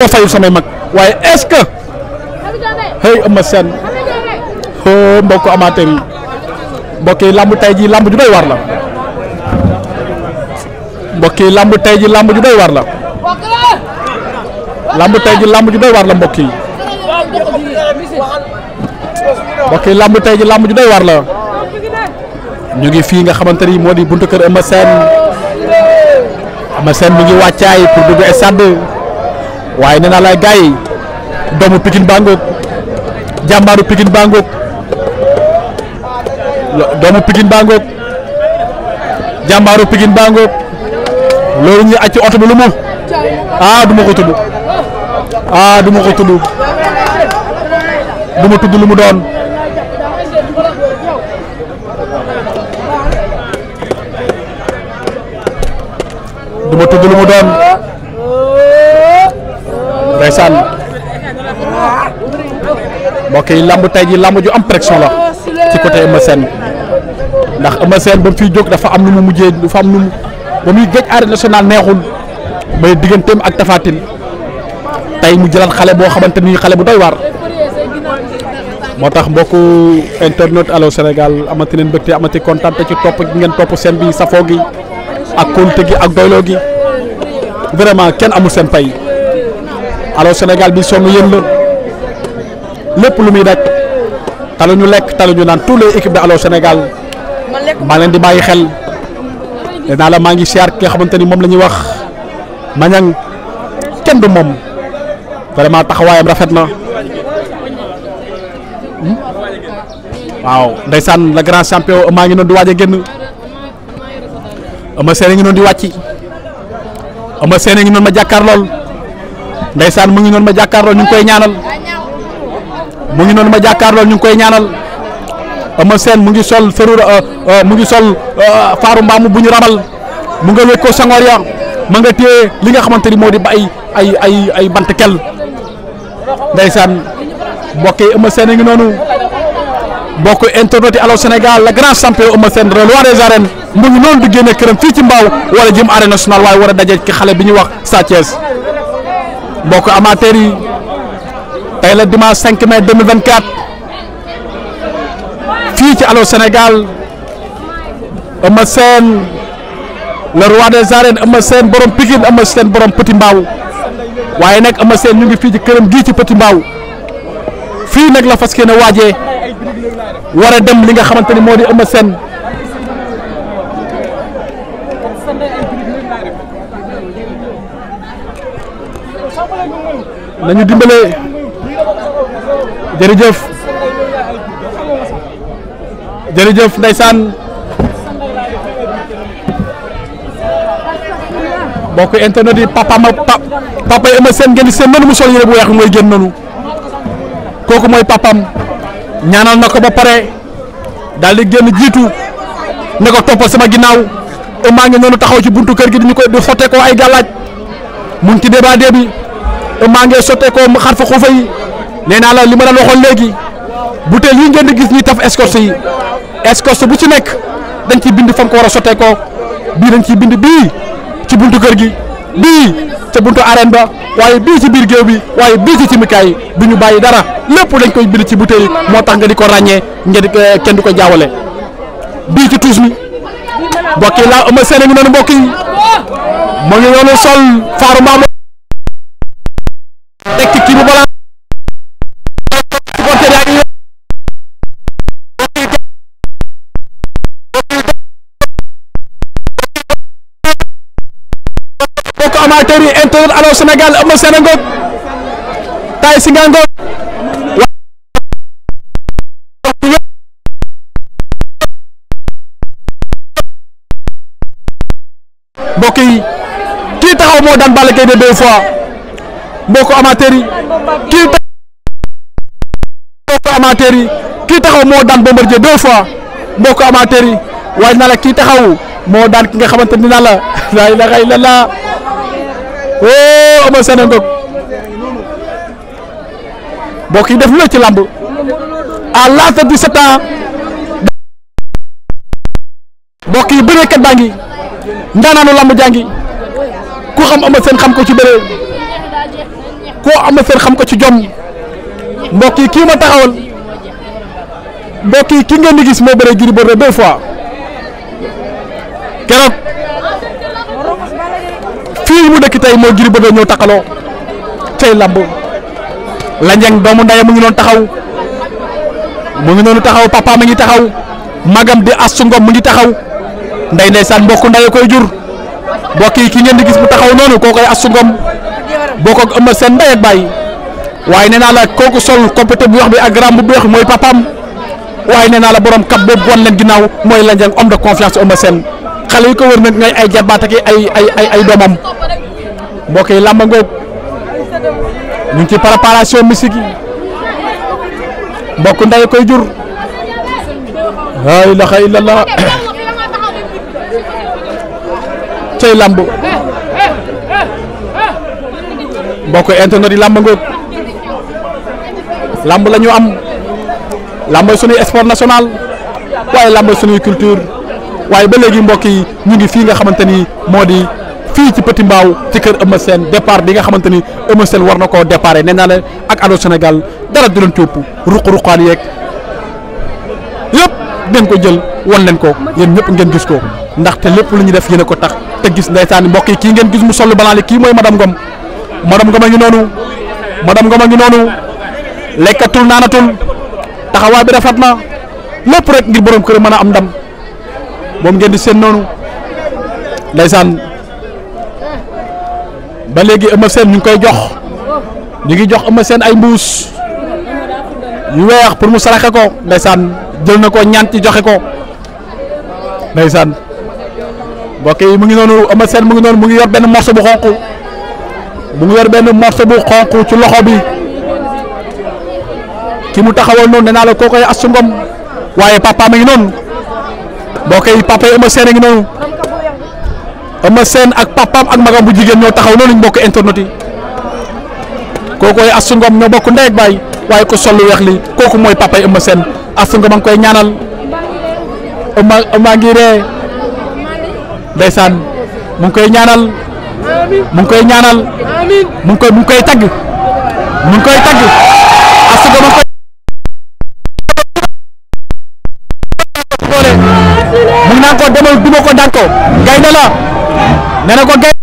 moo fayul samay mag waaye est-ce que hey Eumeu Sène oh mbokku amateur yi mbokk yi làmb tey jii làmb ju doy war la mbokk yi làmb tey ji làmb ju doy war la làmb tey jii làmb ju doy war la mbokk yi mbokk yi làmb tey jii làmb ju doy war la ñu ngi fii nga xamante ni moo di buntu kër Eumeu Sène Eumeu Sène mi ngi wàccaay pour dugg stade. waaye nee naa la gars doomu Pikine Bangoog jàmbaaru Pikine Bangoog doomu pikin Bangoog jàmbaaru pikin Bangoog loolu ñu acci oto bi lu mu ah du ma ko tudd ah du ma ko tudd du ma tudd mu doon du ma tudd mu doon. ndeysaan mbokk yi lamb tey ji làmb ju am pression la ci côté Eumeu ndax Eumeu Sène ba mu fiy jóg dafa am mu mu ba muy géej arène nationale neexul may digganteem ak Tapha Tine tey mu jëlaat xale boo xamante ni xale bu doy waar moo tax mbokku internet Allô Sénégal amati leen bëgte amati kontaan te ci topp gi ngeen topp seen bi safoo gi ak konte gi ak doyloo gi vraiment kenn amul seen pay alors Sénégal bi sonn yéen la lépp lu muy daj ñu lekk taluñu naan tous les équipes de Allô Sénégal maa leen di bàyyi xel nee naa la maa ngi siyaar ki nga xamante ni moom la ñuy wax Mañang kenn du moom vraiment taxawaayam rafet na hmm? waaw ndeysaan le grand champion maa ngi noonu di waaj a génn ama seen a ngi noonu di wàcci ama seen a ngi noonu ma jàkkaar lool ndeysaan mu ngi noonu ma jàkkaarloo ñu koy ñaanal mu ngi noonu ma jàkkaarloo ñu ngi koy ñaanal Eumeu Sène mu ngi sol ferur euh, euh, mu ngi sol euh, faaru mbaamu bu ñu rabal mu nga wékkoo sangoor ya ma nga téye li nga xamante ni moo di ba ay ay ay ay bant kel ndeysaan mbokk yi Eumeu a ngi noonu mbokk internet yi Allô Sénégal le grand champion Eumeu Sène le roi noonu di génne këram fii ci mbaaw wala jëm arène nationale waaye war a daje ki xale bi ñuy wax Sa mbokk amateur yi tey la dimanche 5 mai 2024 fii ci Allô Sénégal Eumeu Sène le roi des arènes Eumeu Sène borom Pikine Eumeu Sène borom Petit Mbao waaye nag Eumeu Sène ñu ngi fii ci këram gii ci Petit Mbao fii nag la fas yéene waajee war a dem li nga xamante ni moo di Eumeu Sène nañu dimbale jërëjëf jërëjëf ndeysaan mbokk internet yi papa ma papa yi ama seen ngeen di seen noonu sol yére bu weex mooy génn noonu kooku mooy papam ñaanal na ko ba pare daal di génn jiitu ne ko toppal sama ginnaaw maa ngi noonu taxaw ci buntu kër gi di ñu koy di xotte ko ay gàllaaj mu ngi ci débat bi maa ngi sotte ko xar fa xuufa yi nee naa la li ma daan waxoon léegi butéel yi ngeen di gis ñuy taf escorte yi escorte bu ci nekk dañ ci bind fam ko war a sotte ko dañ ciy bind bii ci buntu kër gi bii ca buntu arène ba waaye bii ci biir géew bi waaye bii ci cimikaay bu ñu bàyyi dara lépp dañ koy bind ci butéel yi moo tax nga di ko ràññee nga di eh, kenn du ko jaawale bii ci tuus mi mbokk yi laa ëmb seen ngi noonu mbokk yi ngi noonu sol faaru mbaam mbokk amateur yi internet Allô Sénégal Eumeu Sène ngoog Tay Shinger ngoog yi kii taxaw moo daan Balla Gaye de deux fois mbokk amateur yi kii taxaw yi kii taxaw moo daan Bombardier deux fois mbokk amateur yi waaye na la kii taxaw moo daan ki nga xamante ni na la la ilaha illallah oh Eumeu Sène ngoog yi def lu ci làmb à l'âge de 17 ans mbokk yi bëreekat baa ngi ndaanaanu làmb jaa ngi xam Eumeu Sène xam ko ci bëree koo Eumeu Sène xam ko ci jom mbokk kii ma taxawal mbokk kii ki ngeen di gis moo bëree Gris Bordeaux deux fois keroog. lii mu dëkk tey moo Gris Bordeaux ñëw taxaloo tey lamb la doomu ndaya mu ngi noonu taxaw mu ngi noonu taxaw papa mi ngi taxaw magam di astu ngom mu ngi taxaw nday ndeysaan mbokku ndaya koy jur mbokk yi ki ngeen di gis mu taxaw noonu koo koy astu boo ko ëmmal seen ndey ak bàyyi waaye nee naa la kooku sol compété bu wax bi ak grand bu beex mooy papaam waaye nee naa la borom kap boobu wan leen ginnaaw mooy la njeng homme de confiance ëmmal seen xale yi ko wër nag ay jarbaat ak ay ay doomam mbokk làmb ngoog ñu ngi ci préparation musique yi mbokk nday koy jur laa ilaha illallah cay làmb mbokk internet yi làmb ngoog làmb la ñu am làmb suñuy sport national waaye làmb suñuy culture waaye ba léegi mbokk yi ñu ngi fii nga xamante ni moo di fii ci Petit Mbao ci kër Eumeu Sène départ bi nga xamante ni Eumeu war na koo déparé nee naa la ak Allô Sénégal dara du leen cópp ruq-ruqaan yéeg yëpp ngeen ko jël won leen ko yéen ñëpp ngeen gis ko ndaxte lépp lu ñu def yene ko tax te gis ndeysaan mbokk yi kii ngeen gis mu sol balaa li kii mooy madame Ngom madame Ngom a ngi noonu dam Ngom a ngi noonu lekkatul naanatul taxawaay bi rafet na lépp rek ngir borom kër mën a am ndam moom ngeen di seen noonu ndeysaan ba léegi Eumeu Sène ñu ngi koy jox ñu ngi jox Eumeu Sène ay mbuus yu weex pour mu saraxe ko ndeysaan jël na ko ñaan ci joxe ko ndeysaan mbokk yi mu ngi noonu Eumeu Sène mu ngi noonu mu ngi yor benn morceau bu xonq mu ngi yor benn morceau bu xonq ci loxo bi ki mu taxawal noonu nee naa la koo koy asu waaye papa mi ngi noonu. boo koy papa yi Eumeu Sène a ngi noonu Eumeu Sène ak papaam ak magam bu jigéen ñoo taxaw noonu ñu bokk internet yi kookoy Astou Ngom ñoo bokk ndey ak baay waaye ko sol lu weex li kooku mooy papa yi Eumeu Sène Astou Ngom a ngi koy ñaanal Eumeu maa ngi ree koy ñaanal mu koy ñaanal mu ngi mu ngi koy tagg mu ngi koy tagg naa ko demal duma ko daan ko gaynde la nee